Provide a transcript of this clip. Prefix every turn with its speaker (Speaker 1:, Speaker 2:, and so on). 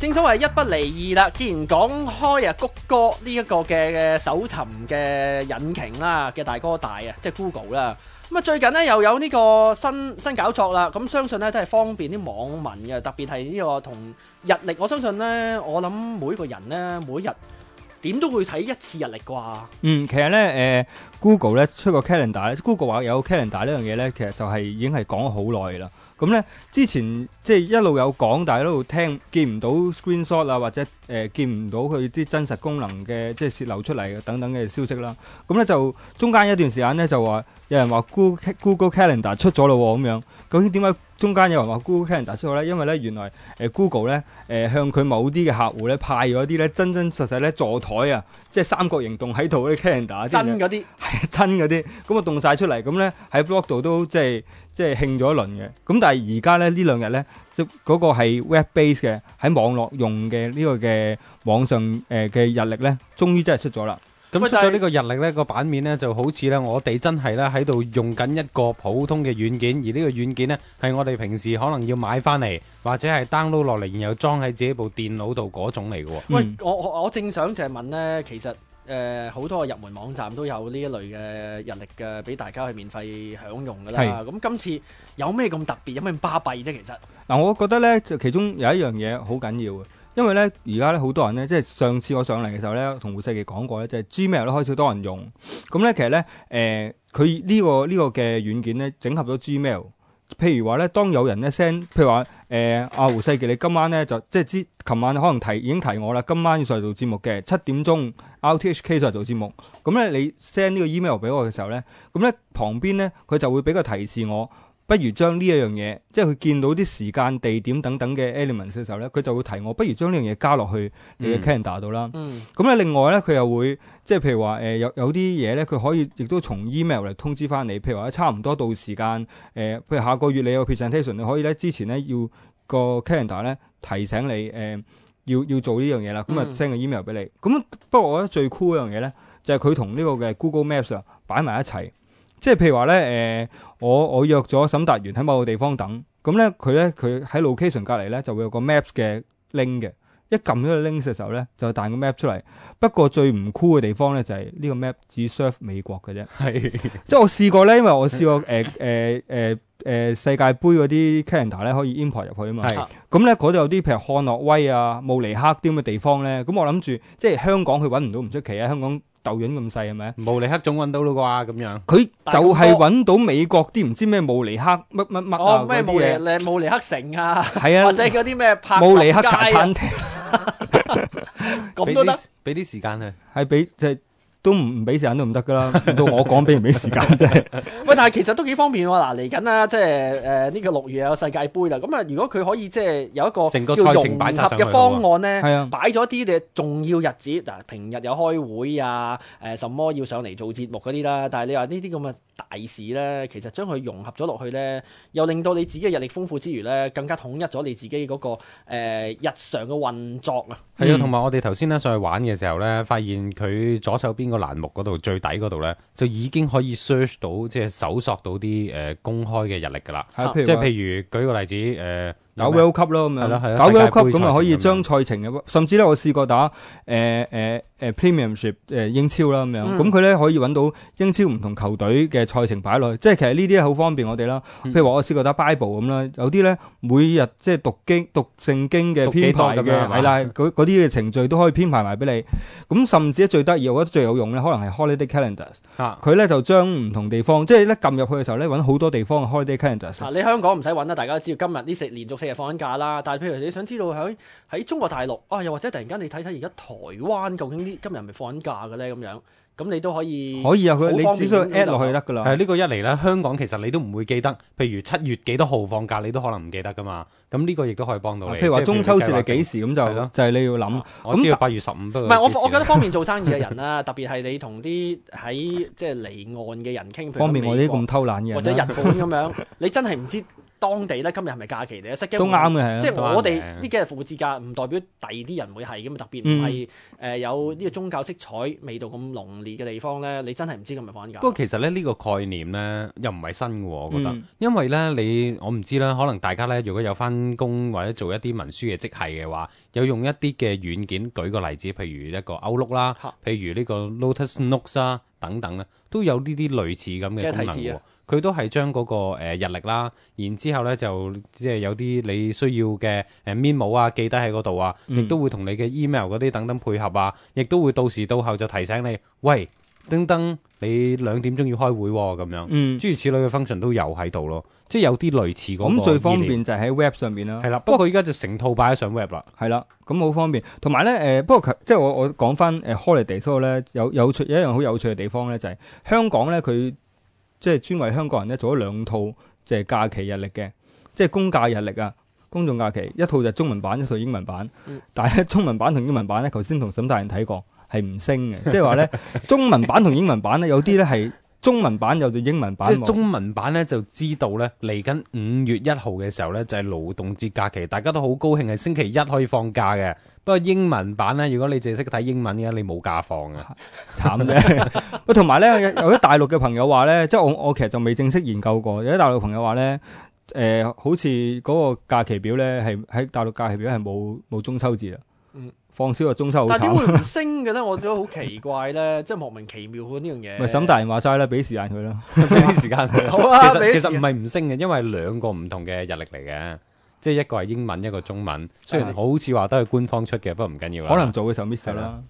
Speaker 1: 正所謂一不離二啦，既然講開啊谷歌呢一個嘅搜尋嘅引擎啦嘅大哥大啊，即係 Google 啦。咁啊最近呢，又有呢個新新搞作啦，咁相信呢，都係方便啲網民嘅，特別係呢個同日曆。我相信呢，我諗每個人呢，每日點都會睇一次日曆啩？
Speaker 2: 嗯，其實呢誒、呃、Google 呢出個 calendar，Google 話有 calendar 呢樣嘢呢，其實就係、是、已經係講好耐啦。咁咧，之前即係一路有講，但係一路聽見唔到 screen shot 啊，或者誒見唔到佢啲真實功能嘅即係洩漏出嚟嘅等等嘅消息啦。咁咧就中間一段時間咧就話。有人話 Google Calendar 出咗咯喎。咁樣究竟點解中間有人話 Google Calendar 出咗咧？因為咧原來誒 Google 咧誒向佢某啲嘅客戶咧派咗啲咧真真實實咧座台啊，即係三角形動喺度啲 Calendar 真嗰啲係真嗰啲，咁啊動晒出嚟，咁咧喺 blog 度都即係即係興咗一輪嘅。咁但係而家咧呢兩日咧，即、那、嗰個係 Web base 嘅喺網絡用嘅呢
Speaker 3: 個嘅網上誒嘅日曆咧，終於真係出咗啦。咁但出咗呢個日曆，呢個版面呢，就好似呢，我哋真係呢喺度用緊一個普通嘅軟件，而呢個軟件呢，係我哋平時可能要買翻嚟或者係 download 落嚟，然後裝喺自己部電腦度嗰種嚟嘅。
Speaker 1: 嗯、喂，我我正想就係問呢，其實誒好、呃、多入門網站都有呢一類嘅日曆嘅，俾大家去免費享用噶啦。咁今是次有咩咁特別，有咩巴閉啫？其實
Speaker 2: 嗱，我覺得呢，就其中有一樣嘢好緊要嘅。因為咧，而家咧好多人咧，即係上次我上嚟嘅時候咧，同胡世杰講過咧，就係 Gmail 咧開始多人用。咁咧，其實咧，誒佢呢個呢、呢個嘅軟件咧，整合咗 Gmail。譬如話咧，當有人咧 send，譬如話誒阿胡世杰，你今晚咧就即係知，琴晚可能提已經提我啦，今晚要上嚟做節目嘅七點鐘 RTHK 上嚟做節目。咁咧，你 send 呢個 email 俾我嘅時候咧，咁咧旁邊咧佢就會俾個提示我。不如將呢一樣嘢，即係佢見到啲時間、地點等等嘅 element 嘅時候咧，佢就會提我，不如將呢樣嘢加落去你嘅 calendar 度啦。咁咧、嗯，另外咧，佢又會即係譬如話，誒有有啲嘢咧，佢可以亦都從 email 嚟通知翻你。譬如話差唔多到時間，誒、呃、譬如下個月你有 presentation，你可以咧之前咧要個 calendar 咧提醒你誒、呃、要要做呢樣嘢啦。咁啊 send 個 email 俾你。咁、嗯、不過我覺得最 cool 一樣嘢咧，就係佢同呢個嘅 Google Maps 啊，擺埋一齊。即係譬如話咧，誒、呃、我我約咗沈達源喺某個地方等，咁咧佢咧佢喺 location 隔離咧就會有個 maps 嘅 link 嘅，一撳咗個 link 嘅時候咧就彈個 map 出嚟。不過最唔 cool 嘅地方咧就係、是、呢個 map 只 serve 美國嘅啫。係，即係我試過咧，因為我試過誒誒誒誒世界盃嗰啲 calendar 咧可以 import 入去啊嘛。係、 嗯，咁咧嗰度有啲譬如漢諾威啊、慕尼黑啲咁嘅地方咧，咁我諗住即係香港佢揾唔到唔出奇啊，香港。豆影咁細，係咪啊？慕尼黑總揾到咯啩，咁樣，佢就係揾到美國啲唔知咩慕尼黑乜乜乜啊嗰啲嘢。哦，
Speaker 1: 咩慕尼黑城啊？係啊，或者嗰啲咩慕尼黑茶餐廳，咁都得。俾啲時間佢，
Speaker 2: 係俾即係。都唔唔俾時間都唔得噶啦，到我講俾唔俾時間啫。
Speaker 1: 喂， 但係其實都幾方便喎。嗱，嚟緊啊，即係誒呢個六月有世界杯啦。咁啊，如果佢可以即係有一個叫融合嘅方案咧，擺咗啲嘅重要日子。嗱，平日有開會啊，誒什麼要上嚟做節目嗰啲啦。但係你話呢啲咁嘅大事咧，其實將佢融合咗落去咧，又令到你自己嘅日曆豐富之餘咧，更加統一咗你自己嗰、嗰個誒、呃、日常嘅運作啊。係啊、嗯嗯，同
Speaker 3: 埋我哋頭先咧上去玩嘅時候咧，發現佢左手邊。個欄目嗰度最底嗰度咧，就已經可以 search 到，即係搜索到啲誒、就是呃、公開嘅日曆噶啦。啊、即係譬如舉個例子誒。呃打 World 級咯咁樣，搞 World 級咁啊可
Speaker 2: 以將賽程甚至咧我試過打誒誒、呃、誒、呃、Premiership 誒英超啦咁樣，咁佢咧可以揾到英超唔同球隊嘅賽程排列，即係其實呢啲好方便我哋啦。譬如話我試過打 Bible 咁啦，有啲咧每日即係讀經讀聖經嘅編排嘅，係啦，嗰啲嘅程序都可以編排埋俾你。咁甚至最得意，我覺得最有用咧，可能係 Holiday Calendars，佢咧、啊、就將唔同地方，即係咧撳入去嘅時候咧揾好多地方嘅 Holiday Calendars、
Speaker 1: 啊。你香港唔使揾啦，大家都知道今日呢食連續。四日放緊假啦，但係譬如你想知道喺喺中國大陸啊，又或者突然間你睇睇而家台灣究竟啲今日係咪放緊假嘅咧咁樣，咁你都可以可以啊，佢你只需要 at 落去得
Speaker 3: 噶啦。係呢個一嚟咧，香港其實你都唔會記得，譬如七月幾多號放假，你都可能唔記得噶嘛。咁呢個亦都可以幫到你。譬如話中秋節係幾時咁就係囉，就係你要諗。我知道八月十五都唔係我我覺得方便做生意嘅人
Speaker 1: 啦，特別係你同啲喺即係離岸嘅人傾，方便我啲咁偷
Speaker 2: 懶嘅人或者日本
Speaker 1: 咁樣，你真係唔知。當地咧今日係咪假期嚟啊？都啱嘅，即係是我哋呢幾日復活節假，唔代表第二啲人會係咁啊！特別唔係誒有呢個宗教色彩味道咁濃烈嘅地方咧，你真係唔知今日放唔放假。不過
Speaker 3: 其實咧呢個概念咧又唔係新嘅喎，我覺得，嗯、因為咧你我唔知啦，可能大家咧如果有翻工或者做一啲文書嘅職系嘅話，有用一啲嘅軟件，舉個例子，譬如一個 Outlook 啦，譬如呢個 Lotus Notes 啊。等等咧，都有呢啲類似咁嘅功能。佢都係將嗰個、呃、日曆啦，然之後咧就即係有啲你需要嘅誒 memo 啊，記低喺嗰度啊，亦、嗯、都會同你嘅 email 嗰啲等等配合啊，亦都會到時到後就提醒你，喂。叮登，你兩點鐘要開會喎，哦，咁樣，嗯、諸如此類嘅 function 都有喺度咯，即係有啲類似嗰個咁最方便就喺 web 上面啦。係啦的、呃，不過佢而家就成套擺咗上 web 啦。係啦，咁好方便。
Speaker 2: 同埋咧，誒不過即係我我講翻誒 holiday 嗰個咧，有有趣有一樣好有趣嘅地方咧，就係、是、香港咧佢即係專為香港人咧做咗兩套即係假期日曆嘅，即係公假日曆啊，公眾假期一套就中文版，一套英文版。嗯、但係咧中文版同英文版咧，頭先同沈大人睇過。係唔升嘅，即係話咧， 中文版同英文版咧，有
Speaker 3: 啲咧係中文版有對 英文版，即係 中文版咧就知道咧，嚟緊五月一號嘅時候咧就係勞動節假期，大家都好高興係星期一可以放假嘅。不過英文版咧，如果你淨係識睇英文嘅，你冇假放嘅，慘啫。 喂，同埋咧，
Speaker 2: 有啲大陸嘅朋友話咧，即係我我其實就未正式研究過，有啲大陸朋友話咧，誒、呃，好似嗰個假期表咧係喺大陸假期表係冇冇中秋節啊。嗯，放燒啊中秋好，但係點會唔
Speaker 1: 升嘅咧？我覺得好奇怪咧，即係莫名其妙嘅呢樣嘢。咪沈
Speaker 3: 大人話齋啦，俾時間佢啦，俾啲時間佢。其實 其實唔係唔升嘅，因為兩個唔同嘅日曆嚟嘅，即係一個係英文，一個中文。雖然好似話都係官方出嘅， 不過唔緊要啦。 可能做嘅時候 miss 咗啦。